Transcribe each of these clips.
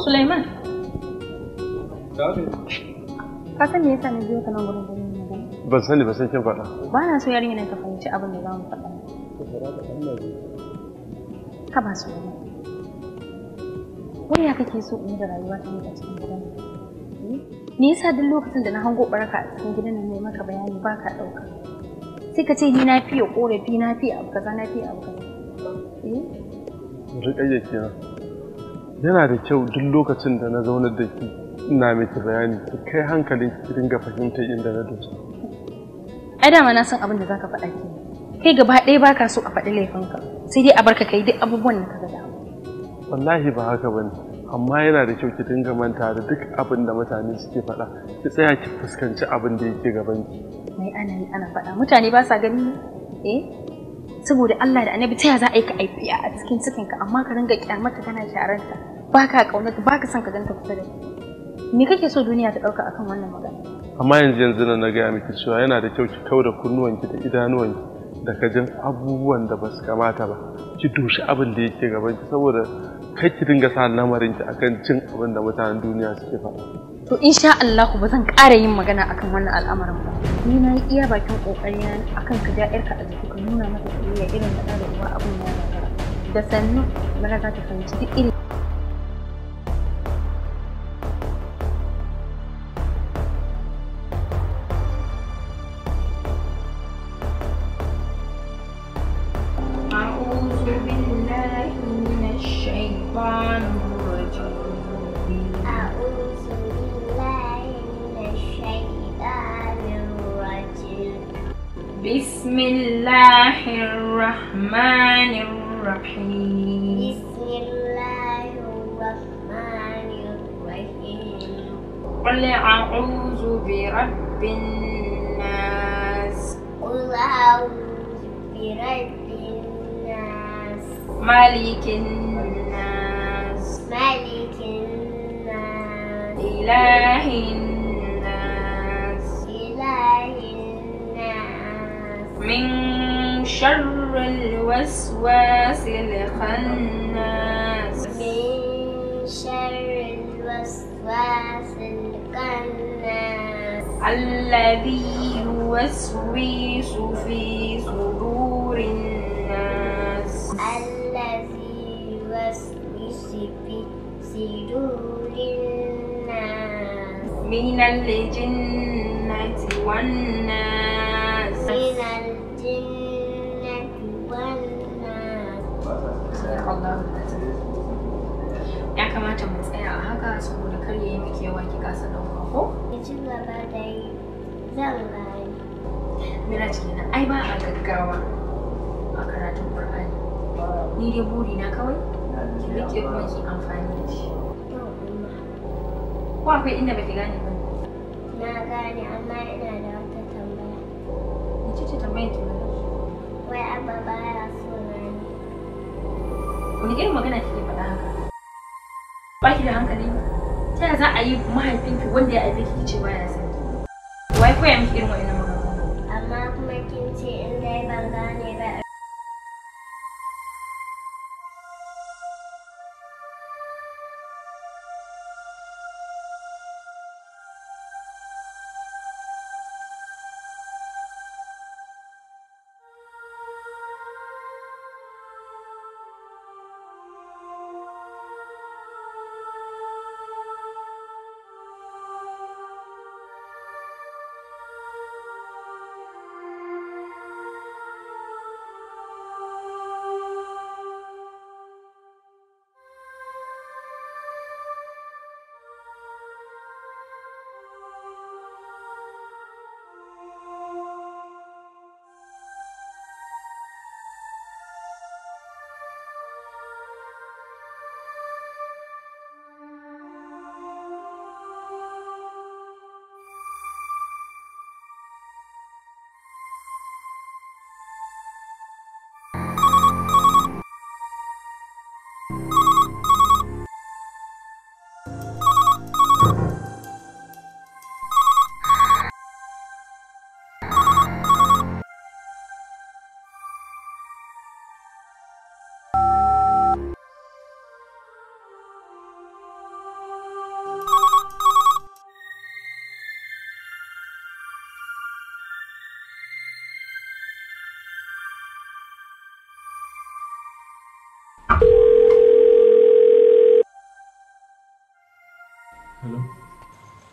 Suleiman. Ka san me yasa na biyo ka nan gurin gurin ba? Ban sani ba sai kin faɗa. Ba na so yarinya ta fahimci abin da za mu faɗa. Ka ba su wani. Wani ya kake so in da rayuwa ta a cikin gidan hmm? Me yasa duk lokacin da na hango baraka a cikin gidan nan ne maka bayani ba ka ɗauka? Sai ka ce ni na fiye ƙorafi na fiye abu kaza na fiye abu kaza. Eh? Rikayya na. yana da kyau duk lokacin da na zaunar da ki ina miki bayani ki kai hankalin ki dinga fahimtar inda na dosa ai dama na san abin da zaka faɗa ke kai gaba ɗaya baka so a faɗi laifinka sai dai a barka kai duk abubuwan da ka ga wallahi ba haka bane amma yana da kyau ki dinga manta da duk abin da mutane suke faɗa ki tsaya ki fuskanci abin da yake gaban ki mai ana yi ana faɗa mutane ba sa gani eh saboda Allah da annabi ta ya za a yi ka aifiya a cikin cikinka amma ka ringa kyamata kana sharanta ba ka ƙaunar ba ka son ka ganta kusa da ni kake so duniya ta ɗauka akan wannan magana amma yanzu yanzu na gaya miki cewa yana da kyau ki kau da kunnuwanki da idanuwanki da kajin abubuwan da ba su kamata ba ki doshi abin da yake gaban ki saboda kai ki dinga sa lamarin ki akan cin abin da mutanen duniya suke faɗa to insha Allah ba zan ƙara yin magana akan wannan al'amarin ba ni na yi iya bakin kokari na akan ka ja yarka a jiki ka nuna mata soyayya irin da da ruwa abun ya da sannu mara za ta fahimci duk irin بسم الله الرحمن الرحيم بسم الله الرحمن الرحيم قل أعوذ برب الناس قل أعوذ برب الناس ملك الناس ملك الناس إله الناس من شر الوسواس الخناس من شر الوسواس الخناس الذي يوسوس في صدور الناس الذي يوسوس في صدور الناس من الجنة والناس barakallahu ya kamata mu tsaya a haka saboda kar yayi miki yawa ki kasa dauka ko ya ci gaba da zan bayi mira kenan ai ba a gaggawa a karatun qur'ani ni dai buri na kawai ki rike kuma ki amfani da shi ko akwai inda baki gane ba na gane amma ina da wata tambaya ni ce tambayar ki wai abba baya so wani irin magana kike faɗa haka ba ki da hankali ta yaya za a yi mahaifinki wanda ya aibe ki ce baya san ki wai koya miki irin wa'annan magana amma kuma kin ce in dai ban gane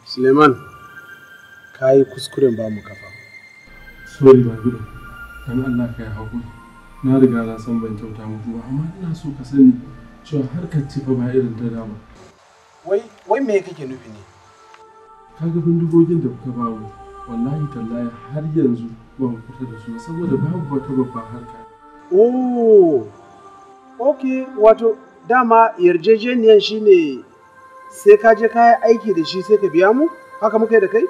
Suleiman, ka yi kuskuren ba mu kafa. Sorry ba gida, dan Allah ka yi Na riga na san ban kyauta muku ba, amma ina so ka sani cewa harkar ci ba irin ta dama. Wai, wai me kake nufi ne? Ka ga bindigogin da kuka bawo, wallahi tallahi har yanzu ban fita da su saboda babu wata babbar harka. Oh, ok wato dama yarjejeniyan shine sai ka je kayan aiki da shi sai ka biya mu haka muka yi da kai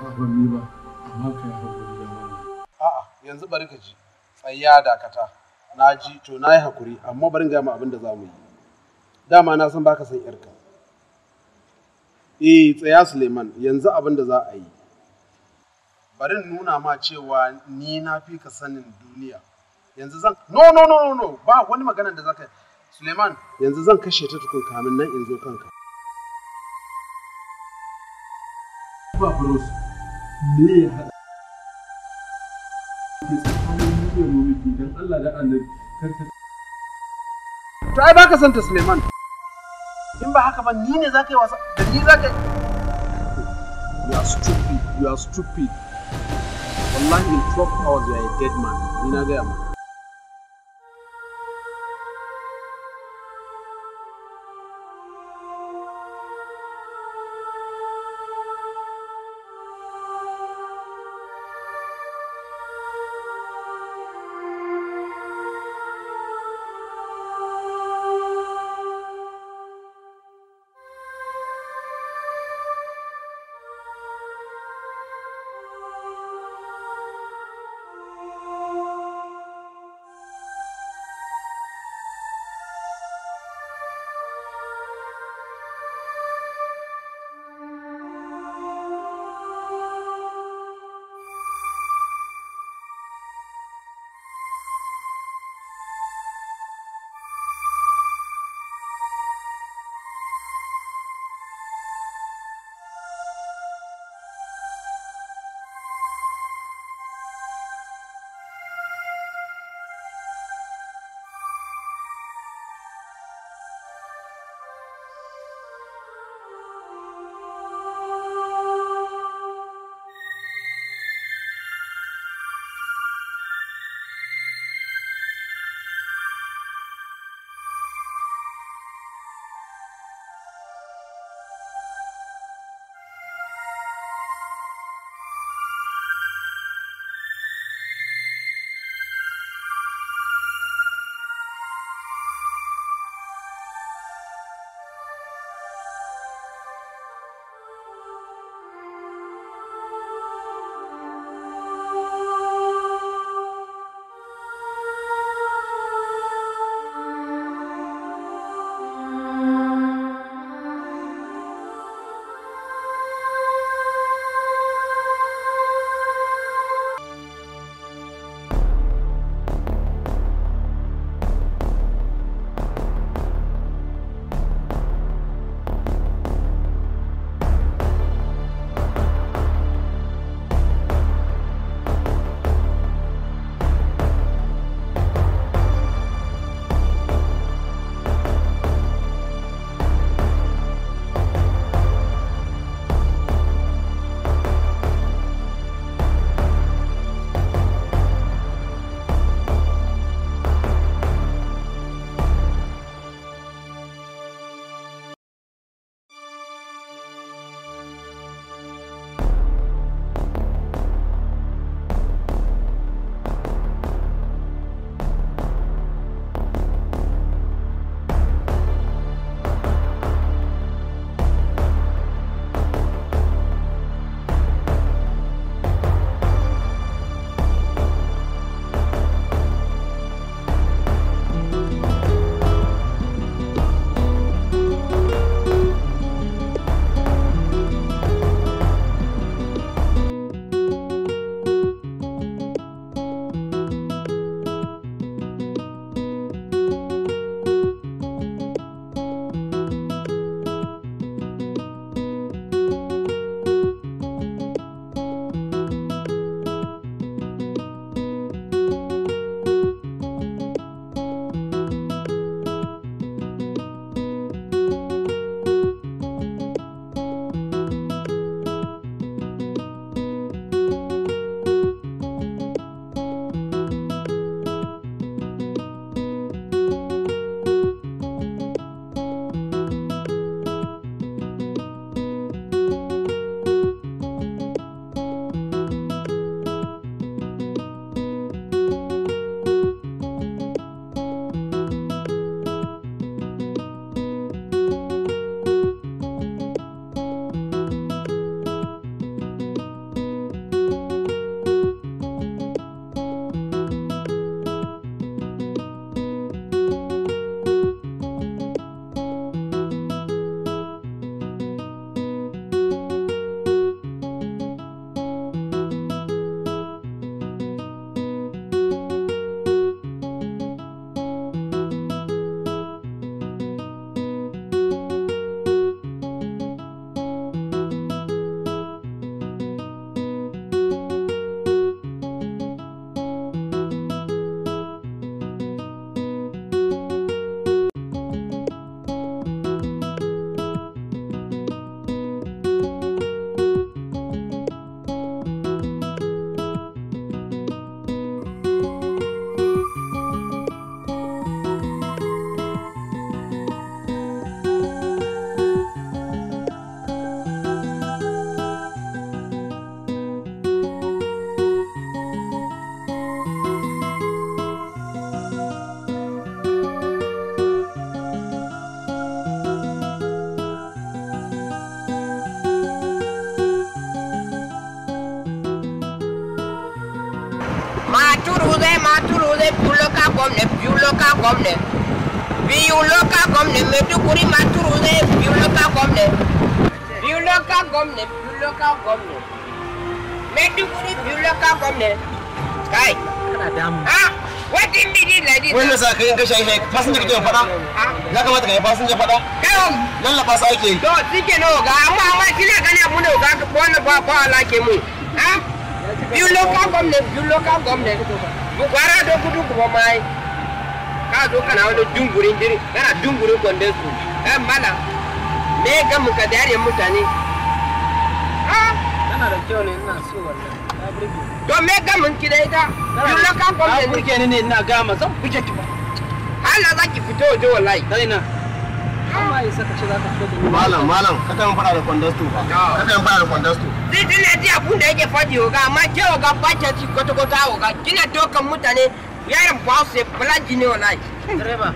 ban ba amma ka yi hakuri da a'a yanzu bari ka ji tsaya dakata na ji to na yi hakuri amma bari ga mu abin da za mu yi dama na san baka san yarka eh tsaya suleiman yanzu abin da za a yi bari nuna ma cewa ni na fi ka sanin duniya yanzu zan no no no no ba wani magana da zaka Suleiman yanzu zan kashe ta tukun kamin nan in zo kanka ba bros me ya hada ke tsakanin mutum mumiki dan Allah da annabi karka to ai baka santa Suleiman in ba haka ba ni ne zaka yi wasa da ni zaka yi you are stupid you are stupid wallahi in 12 hours you are a dead man ina gaya maka Maturuze, maturuze, puloka gomne, puloka gomne. Biuloka gomne, metukuri maturuze, puloka gomne. Biuloka gomne, puloka gomne. Metukuri puloka gomne. Kai. Ha? What in me did like this? When is that? Passenger to Pada? Ya kamata ka yi passenger Pada? Kayan. Lallaba sa ake. To, shi ke no ga amma amma kina gani abu ne ga wannan ba ba ala ke mu. Ha? biyu local government biyu local government gwara da gudu kuma mai ka zo kana kana dungurin kwande su ɗan eh, mala me ga muka dare mutane ha tana da kyau ne mun kida ne zaki fito amma isa ka malam malam ka taɓa fara da abun da yake faɗi oga amma ke oga dokan mutane yaron ba su ya bulaji wallahi direba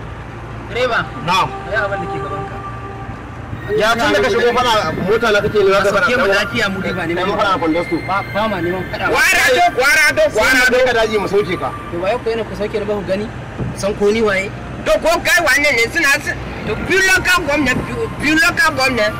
direba ya tun da ka shigo fara mota na kake lura da fara ke lafiya mu ba ne mu fara kwandasto ba ba ma neman kada wara do wara do wara do ka daji mu sauke ka to waye ko yana ku sauke da ba ku gani san ko ni waye to ko kai wane ne suna su biyu local government biyu local government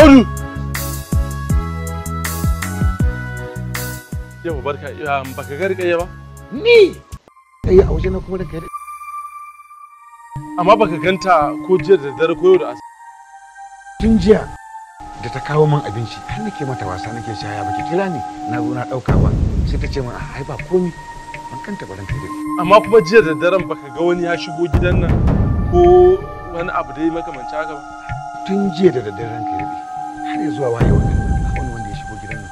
Audu! Yau barka, baka ga riƙayya ba? Ni! Kai a waje na kuma ranka ya Amma baka ganta ko jiya da dare ko yau da asibiti. Tun jiya da ta kawo min abinci har nake mata wasa nake shaya baki kira ni na zo na ɗauka ba sai ta ce min a ai ba komi ban kanta ba ranka dai. Amma kuma jiya da daren baka ga wani ya shigo gidan nan ko wani abu dai makamanci haka ba. Tun jiya da daddaren ranka har zuwa wayewar wani wanda ya shigo gidan nan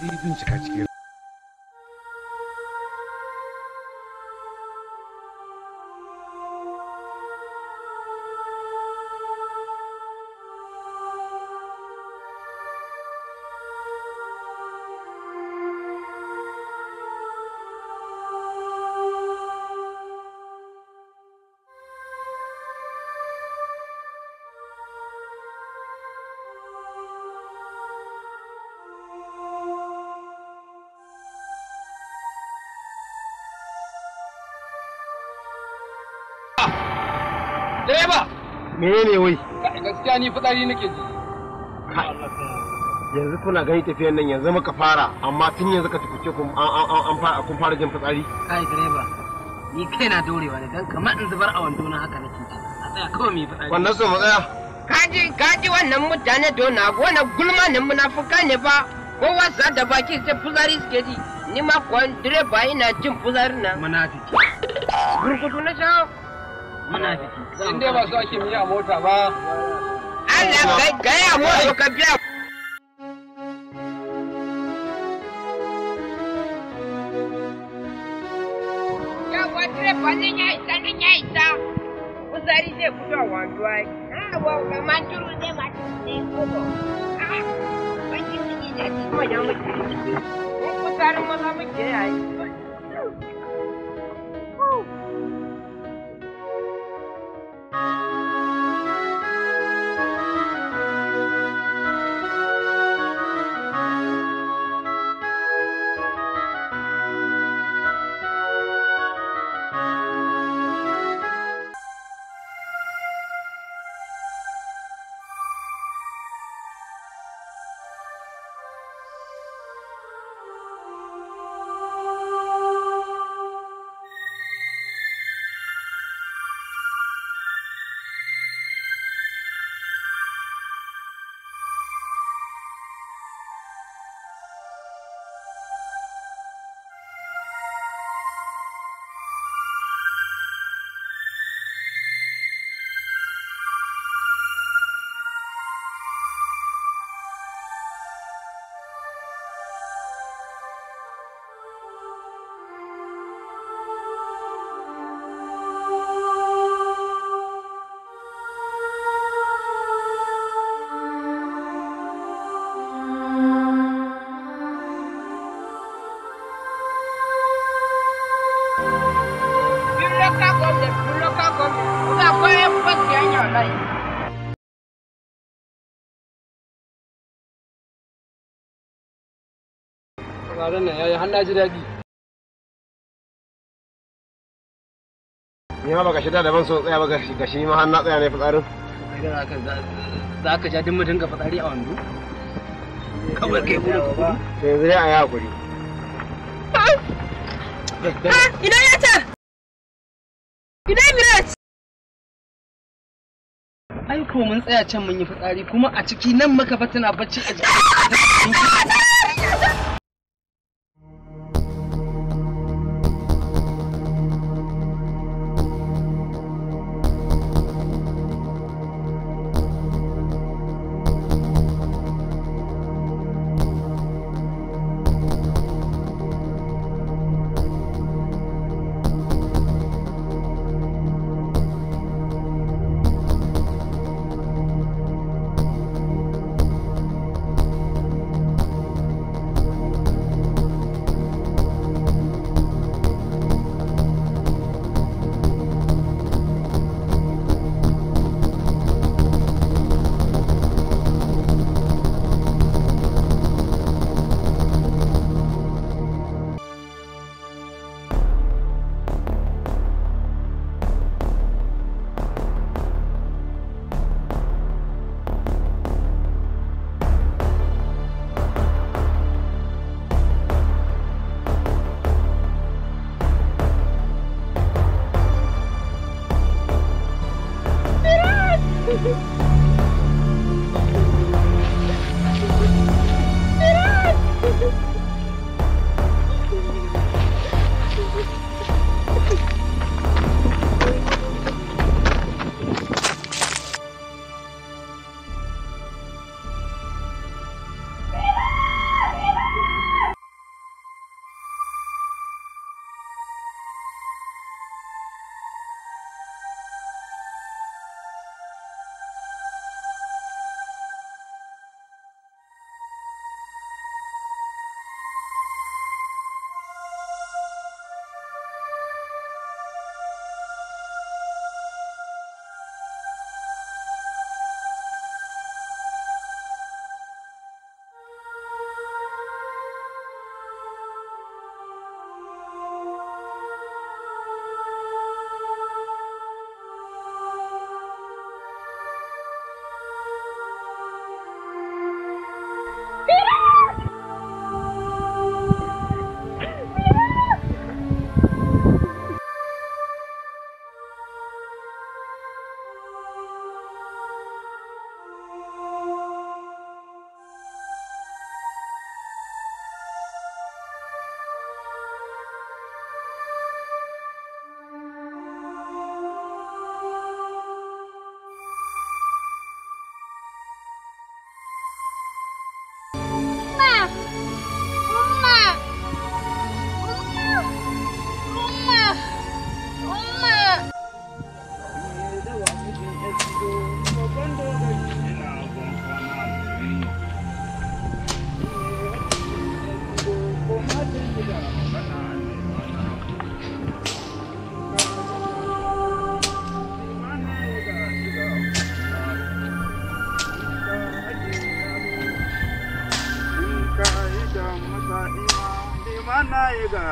ka dai bincika cikin kai ba ne wai gaskiya ni fitsari nake ji yanzu kuna gani tafiyar nan yanzu muka fara amma tun yanzu ka tukuce kun an fara jin fitsari kai direba ni kai na dorewa ne dan kamar in zubar a wando na haka nake ji a tsaya kawai mai fitsari wannan so mu tsaya kaji kaji wannan mutane dona gona gulma ne munafuka ne ba kowa sa da baki sai fitsari suke ji ni ma kwan direba ina jin fitsarin nan munafiki gurgudu na shawo muna ciki in dai ba su ake miya mota ba Allah kai ka biya ya ya ah, turu ma ne na ji daɗi ni ma baka daɗa daban so tsaya baka ga shi ma har na tsaya ne fitsarin za ka sha dimma dinga fitsari a wando kawai kai mu ka kudu to yanzu dai a yi hakuri ina ya ta ina ya ai ko mun tsaya can mun yi fitsari kuma a ciki nan maka tana bacci a jiki.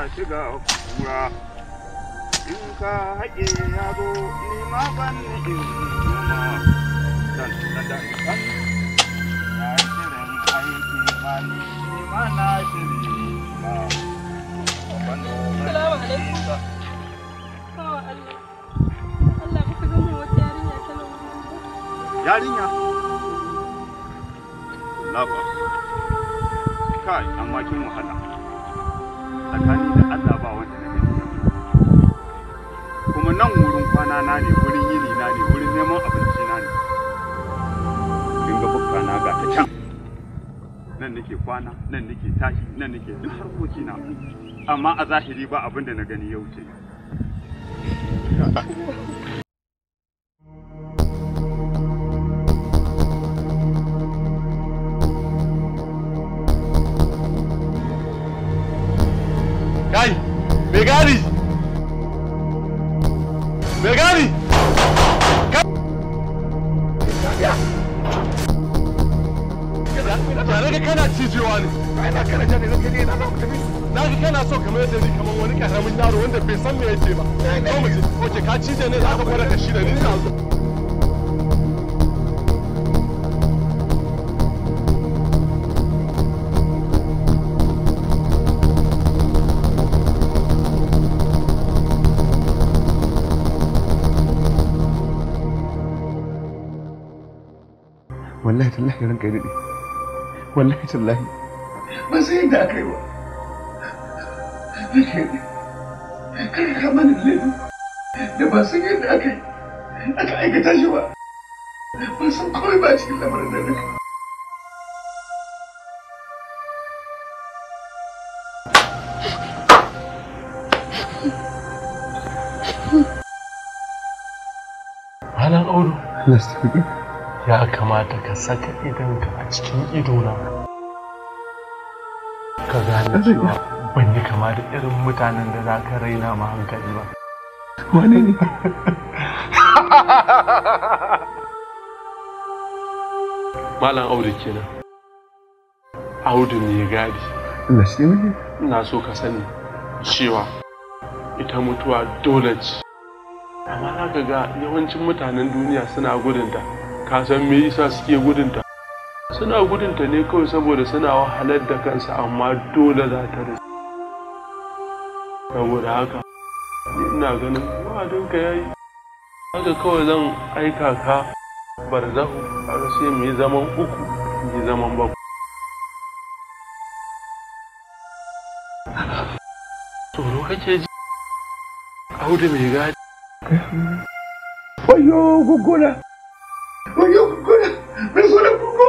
na shiga kura in ka haƙe yaro ni ma ban ni in kuma dan dan dan na shirin aiki ma ni ni ma na shirin ma ban Allah. Allah ga mun wata yarinya ta nan Yarinya? Kai, wahala. Tsakanin Allah ba wanda na kuma nan wurin kwana na ne wurin yini na ne wurin neman abinci na ne kin ga bukka na ga ta can nan nake kwana nan nake tashi nan nake duk harkoki na amma a zahiri ba abin da na gani ya wuce wallahi tallahi ba sai yadda aka yi ba nake ne kar ka kama ni laifin da ba sai yadda aka yi aka aikata shi ba ban san komai ba cikin lamarin da duka Let's do it. ya kamata ka saka idonka a cikin idona ka gane cewa ban yi kama da irin mutanen da za ka raina ma hankali ba wani ne malam audu kenan audu ya gadi ina so ka sani cewa ita mutuwa dole ce amma za ka ga yawancin mutanen duniya suna gudunta ka san me yasa suke gudunta suna gudunta ne kawai saboda suna wahalar da kansu amma dole za ta rasu saboda haka ina ganin wa'adinka ya yi haka kawai zan aika ka barzahu har sai mu yi zaman uku mu zaman bakwai tsoro kake ji audu mai gadi gugula Oye, Kukura, Kukura, Kuko!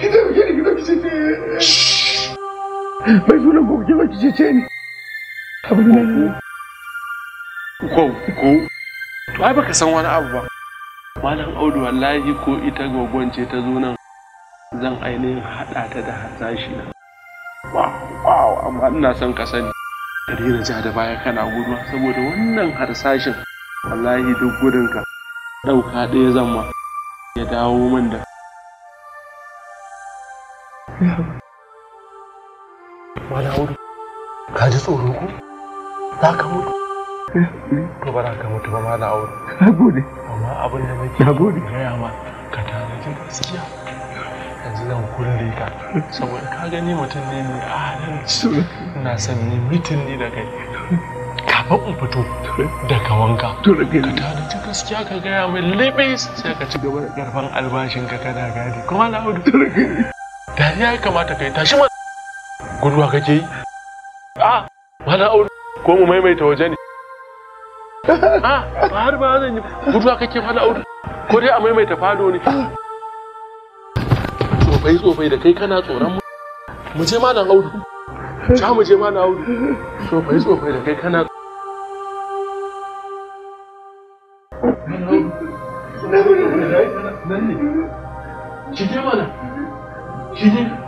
Ki taimake ni ki ɗauki cece. Mai sunan ko ki ɗauki cece ni. Abu na ne. Ko, ko. To ai baka san wani abu ba. Malam Audu wallahi ko ita gogon ce ta zo nan. Zan ainihin haɗa ta da hasashi na. Wow, amma ina son ka sani. Ka daina ja da baya kana guduwa saboda wannan harsashin. Wallahi duk gudunka. ɗauka ɗaya zan ma ya dawo min da wani auri ka ji tsoro ko za ka mutu to ba za ka mutu ba ma na auri na gode amma abin da nake na gode gaya ma ka jin gaskiya yanzu zan kulle ka saboda ka gani mutum ne mai adalci ina son ni mutum ne da kai kafin in fito daga wanka ka tada ta gaskiya ka gaya mai libis sai ka ci gaba da karfan albashin ka kana gadi kuma na hudu dariya ya kamata kai tashi ma guduwa kake yi a mana aure ko mu maimaita waje ne a ba har ba zan yi guduwa kake mana aure ko dai a maimaita fado ne tsofai tsofai da kai kana tsoron mu mu je malam audu ja mu je malam audu tsofai tsofai da kai kana She mm-hmm. did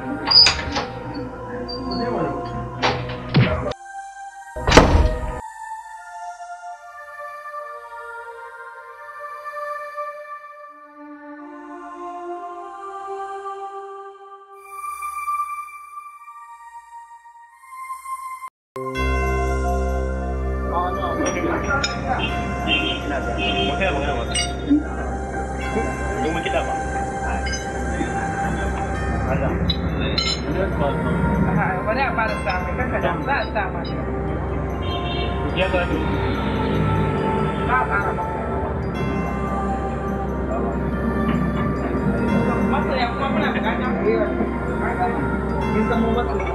the moment.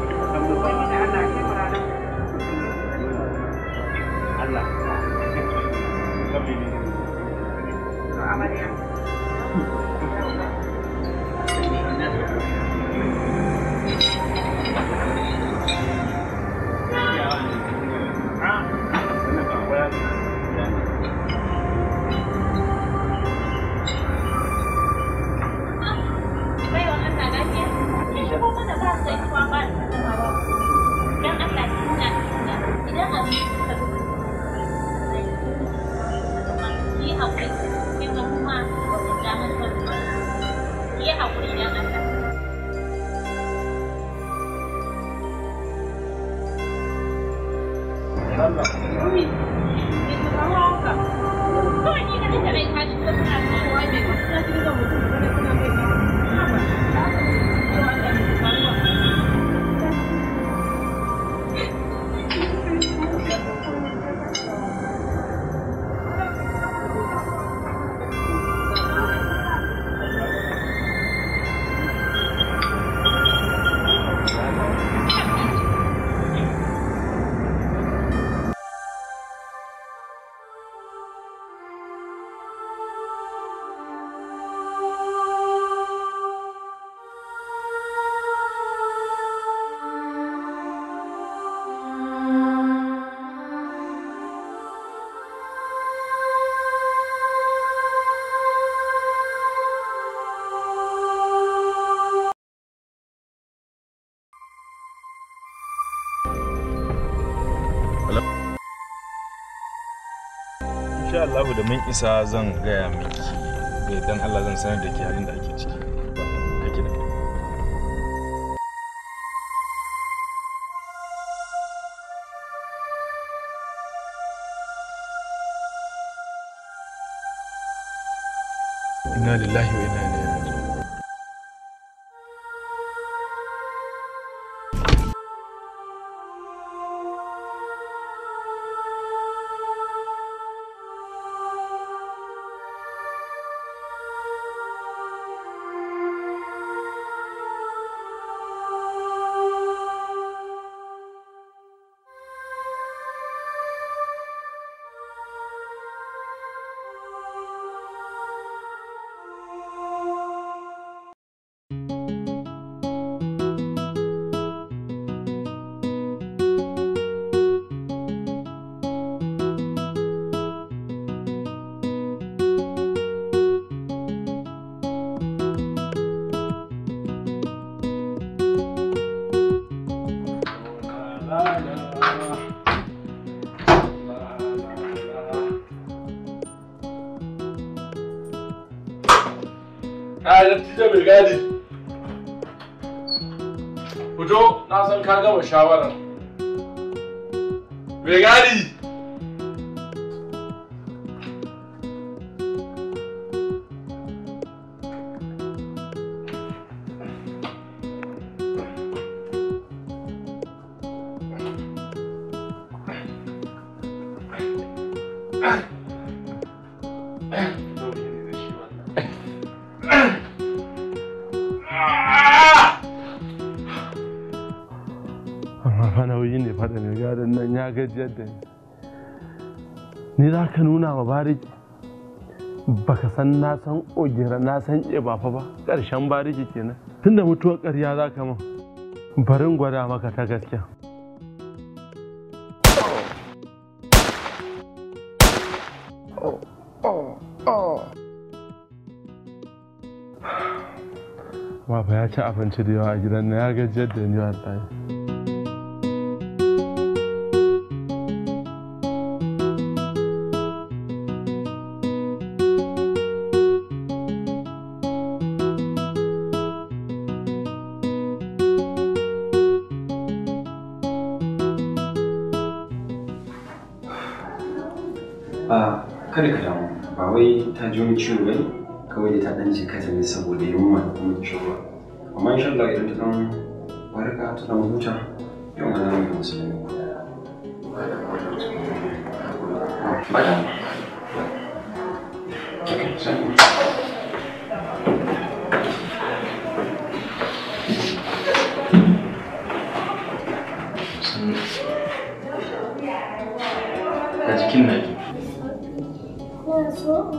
saboda mun isa zan gaya miki eh, dan Allah zan sanar da ke halin da ake ciki da ni ni za ka nuna wa bariki ka san na san ogira na san ƙibafa ba ƙarshen bariki kenan tunda mutuwar ƙarya za ka min barin gwada maka ta gaskiya Baba ya ci abinci da yawa a gidan na ya gajiyar da a tsaye. ta ji ciwo kawai da ta dan jikata ne saboda yunwa da kuma ciwo amma insha Allah idan ta dan warka ta dan huta yau ma za mu yi musu da ba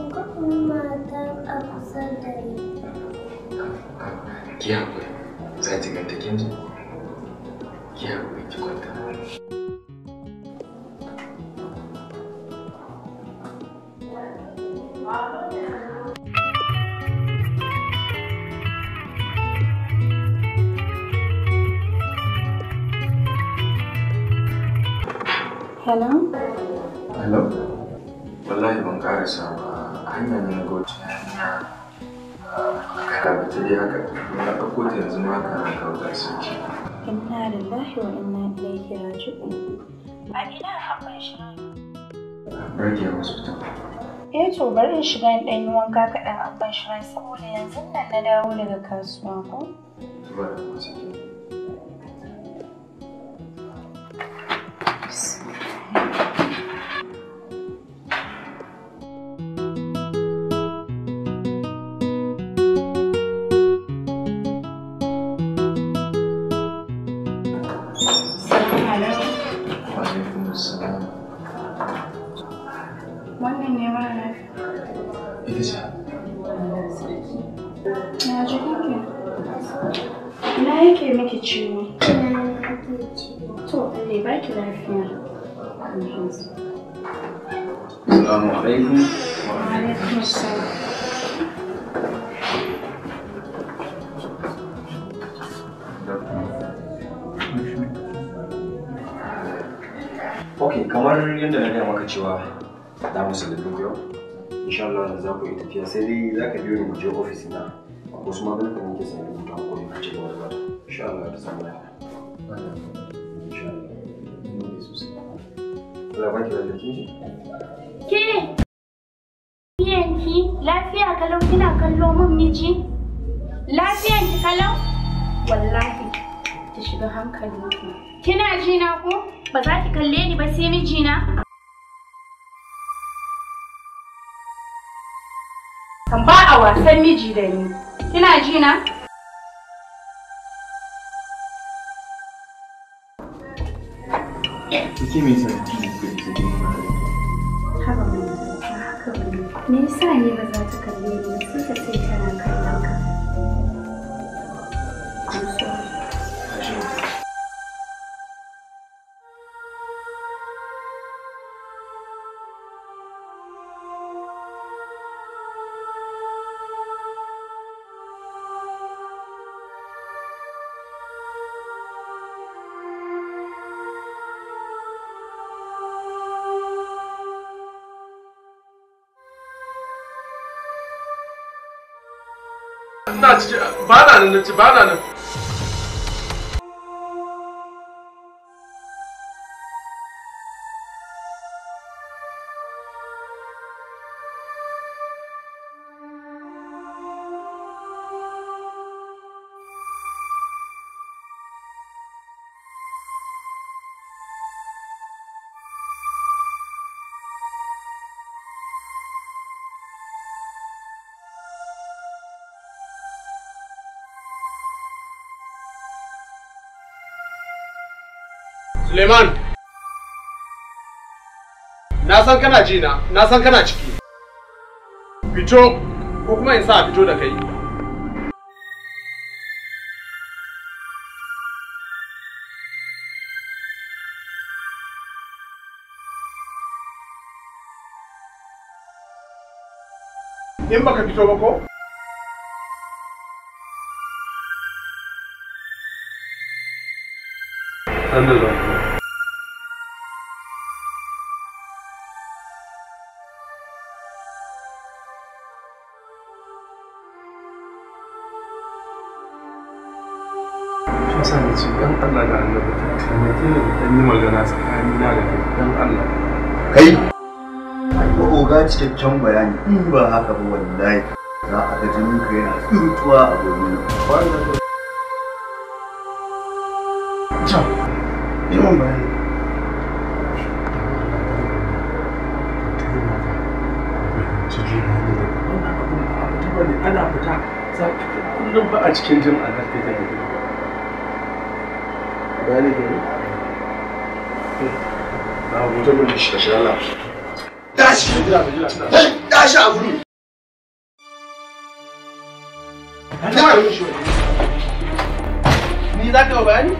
mata a kusa da ni. Ki haƙuri, za Ki haƙuri ki kwanta. hanya ne na gauci hanya kaka ah, ta dai haka na ɗauko ta yanzu ma haka na kauta sauki. Inna lillahi wa inna kira raji'un. A gidan haɓar shi. Rage hospital. Eh to bari in shiga in ɗan yi wanka kaɗan a ban saboda yanzu nan na dawo daga kasuwa ko? Ba da kusa السلام عليكم وعليكم السلام ok kamar yadda na gaya maka cewa na musulmi yau insha Allah za ku yi tafiya sai dai za ka biyo ni mu je ofis na wasu maganin da nake sanya ko na ci gaba wani, ba insha Allah da samu lafiya ya Ke lafiyanki lafiya kalau kina kallo min miji? Lafiyanki kalau? ki shiga hankalinki. Kina jina na ko? Ba za ki kalle ni ba sai mijina? Kan ba a wasan miji da ni. Kina ji Меня не сами называют, как 나 진짜 말안 했지 는말안했 해. Suleiman! Na san kana ji na, san kana ciki. Fito, ko kuma in sa fito da kai. In baka fito ba ko? Anladım. kai ba oga cikakken bayani in ba haka ba wallahi za a ga ka yana a gobe Yawan ba a cikin jin na hoto a ni za ka bayani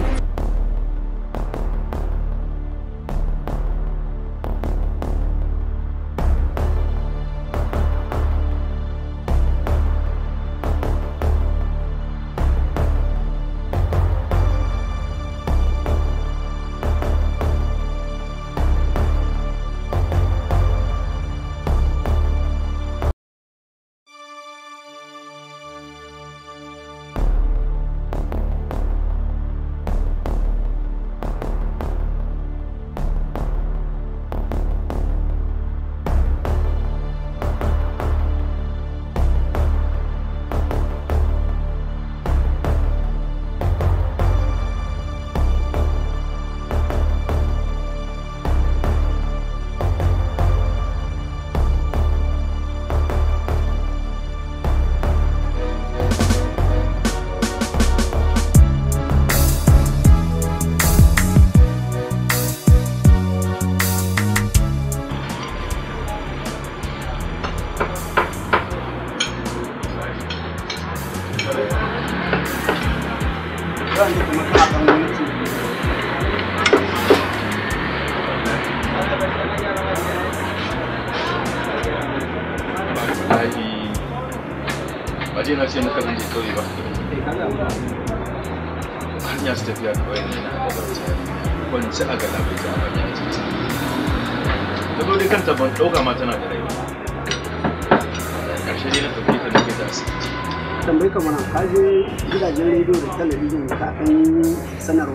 tak pening senar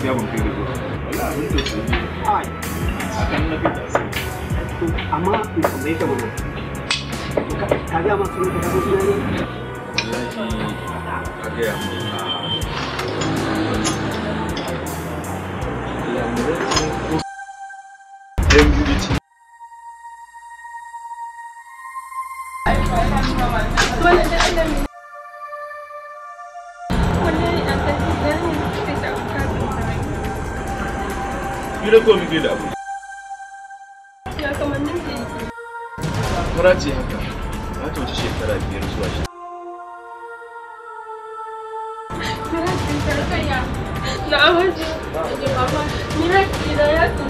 Siapa pun pilih tu. Alah, itu saja. Akan lebih tak Ama, ni pemberi mana? Kaki ama suruh kita pun sini. Kaki ama. Kaki ama. Yura ko muke da abu. Ya kamannin ke yi. Fara ce haka, za ta wuce shekara biyar zuwa shi. Miraji, sarkaya, na amince, da baba, miraji da ya tuni.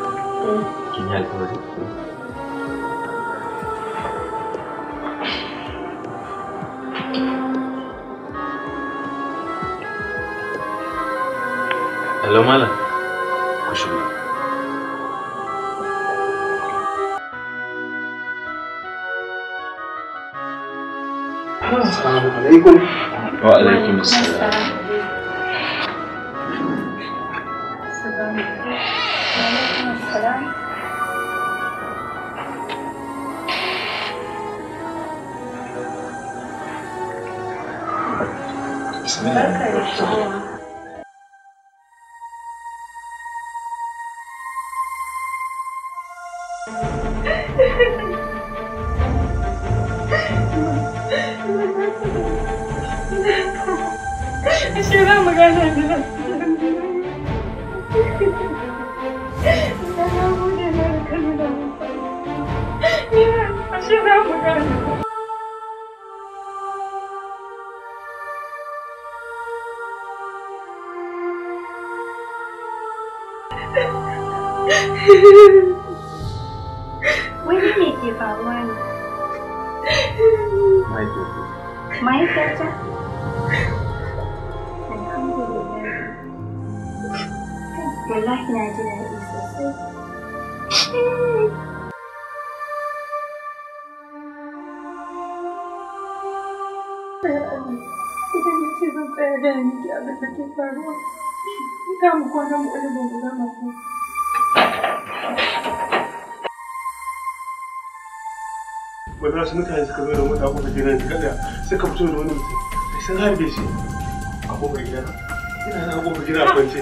Génial comme objectif. Hello Mala. Kush bhi. السلام عليكم وعليكم السلام wani ne ke faruwa ne mahaifiyarta da yanki faruwa, ta mu kwanan mu ɗaya wanda su mutane suka zo da mota kuka je nan sai ka fito da wani mutum sai sun harbe shi a kofar gida ina na kofar gida kwance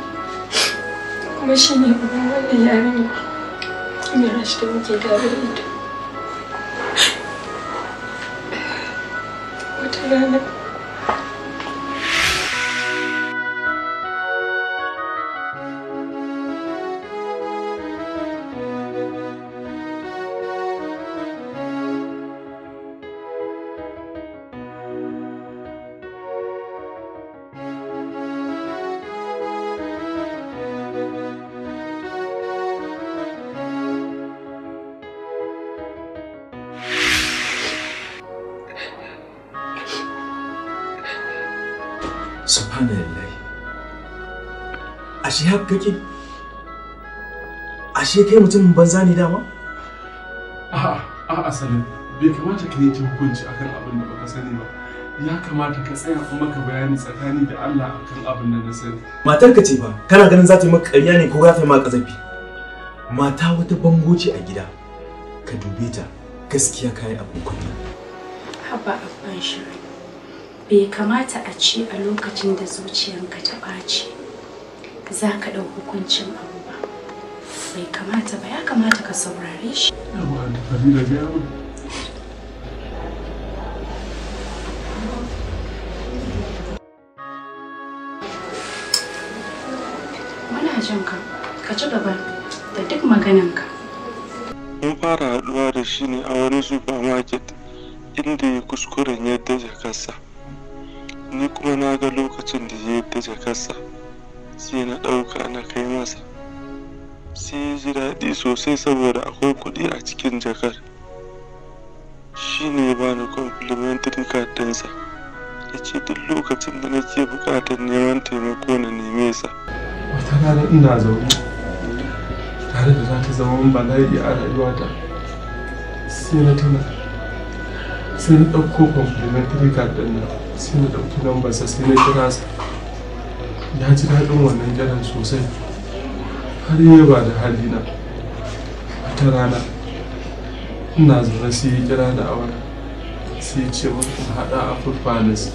kuma shi ne uban wannan yarinya mai rashi muke tare da ita wata rana shihab kake ashe kai mutum banza ne dama a'a a'a salim bai kamata ka yi hukunci akan abin da baka sani ba ya kamata ka tsaya kuma ka bayani tsakani da Allah akan abin da na sani matar ka ce ba kana ganin za ta yi maka ƙarya ne ko za ta yi maka kazafi mata wata bango ce a gida ka dube ta gaskiya kayi abin kunya haba abban shi bai kamata a ce a lokacin da zuciyanka ta ɓaci za ka ɗau hukuncin abu ba bai kamata ba ya kamata ka saurare shi muna jin ka ka ci gaba da duk magananka mun fara haɗuwa da shi ne a wani supermarket inda ya kuskuren yadda jakarsa ni kuma na ga lokacin da ya yadda jakarsa sai na ɗauka na kai masa sai ya ji daɗi sosai saboda akwai kuɗi a cikin jakar shi ne ba bani complimentary card ɗinsa ya ce duk lokacin da nake buƙatar neman taimako na neme sa wata gane ina zaune tare da za ta zama min bala'i a rayuwata sai na tuna sai na ɗauko complimentary card ɗin nan sai na ɗauki lambarsa sai na kira sa Ya ji daɗin wannan kiran sosai har yi ba da A ta rana ina zama su yi kira da awar sai ce mun haɗa a food palace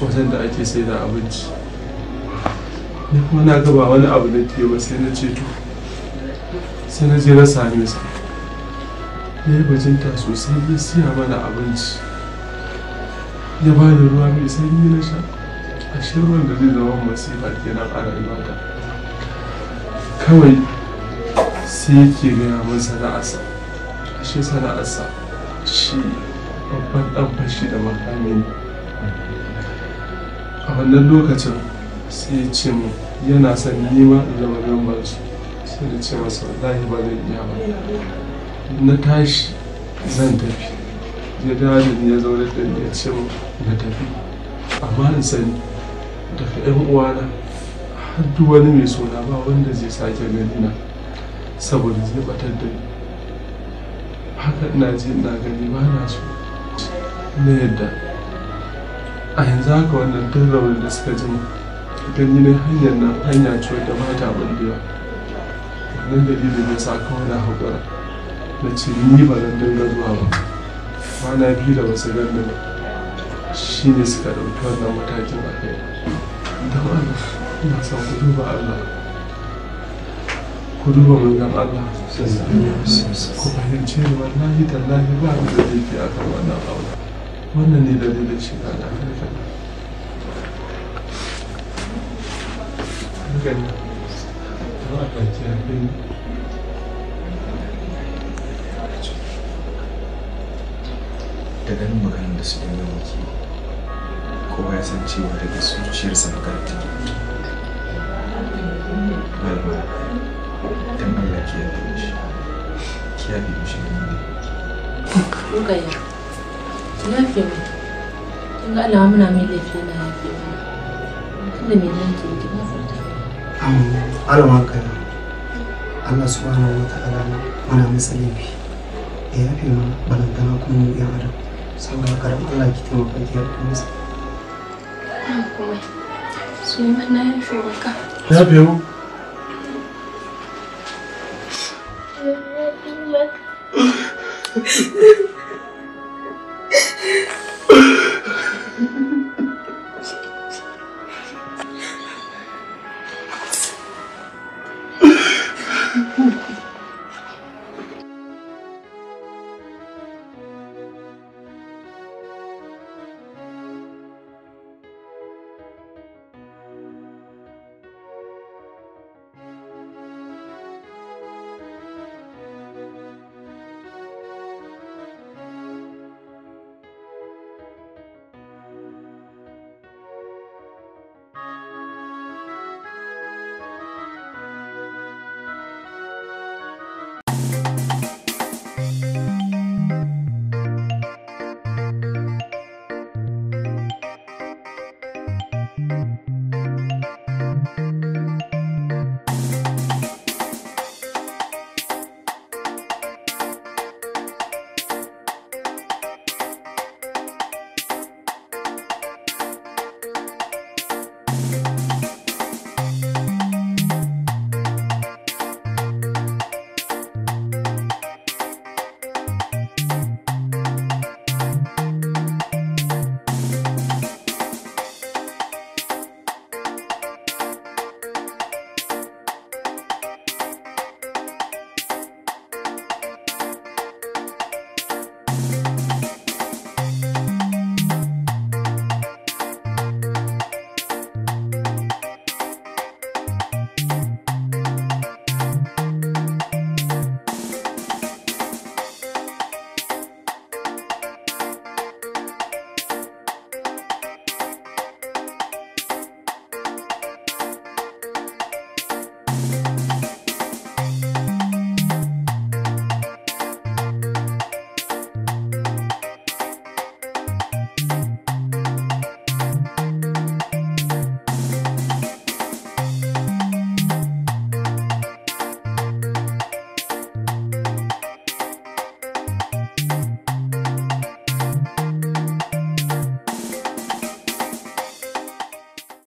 wajen da ake sai da abinci ni kuma na gaba wani abu da ke ba sai na ce to sai na je na same sa ya yi bajinta sosai ya siya mana abinci ya ba ruwa mai sanyi na sha a ruwan da zai zama masifa kenan a kawai sai yake gaya min sana'arsa ashe sana'arsa shi babban ɗan fashi da makami ne a wannan lokacin sai ya ce mu yana son nima da zama memban su sai da ce masa wallahi ba zai iya ba na tashi zan tafi ya dawo da ya zaune da ni ya ce mu na tafi amma in sani daga yan uwana har duk wani mai suna ba wanda zai sake gani na saboda zai batar da ni haka ina ji ina gani ba na so na yadda a yanzu haka wannan duk raunin da suka ji gani ne hanyar nan hanya ce wadda ba ta bandewa wannan dalilin ya sa kawai na haƙura na ce ni ba zan dinga zuwa ba kwana biyu da wasu gandun shi ne suka ɗauki wannan matakin a kai don Allah ina son ku duba Allah ku duba manzon Allah ku fahimce ni wallahi tallahi ba ni da laifi a kan wannan abu wannan ne dalilin da harkar gani a da maganin da su dinga muke kowa ya san cewa daga zuciyarsa magana ta malama don Allah ki yafe mishi ki yafe mishi da ni ne rugaya ki yafe mu kin ga Allah muna mai laifi na yafe mu tunda me nan ke ki ba farta alama kana Allah subhanahu wa ta'ala mana masa laifi ya fi mana balantana kuma mu yan adam saboda karam Allah ki taimaka ki yafe masa komai. Suleiman na yafe maka. Ya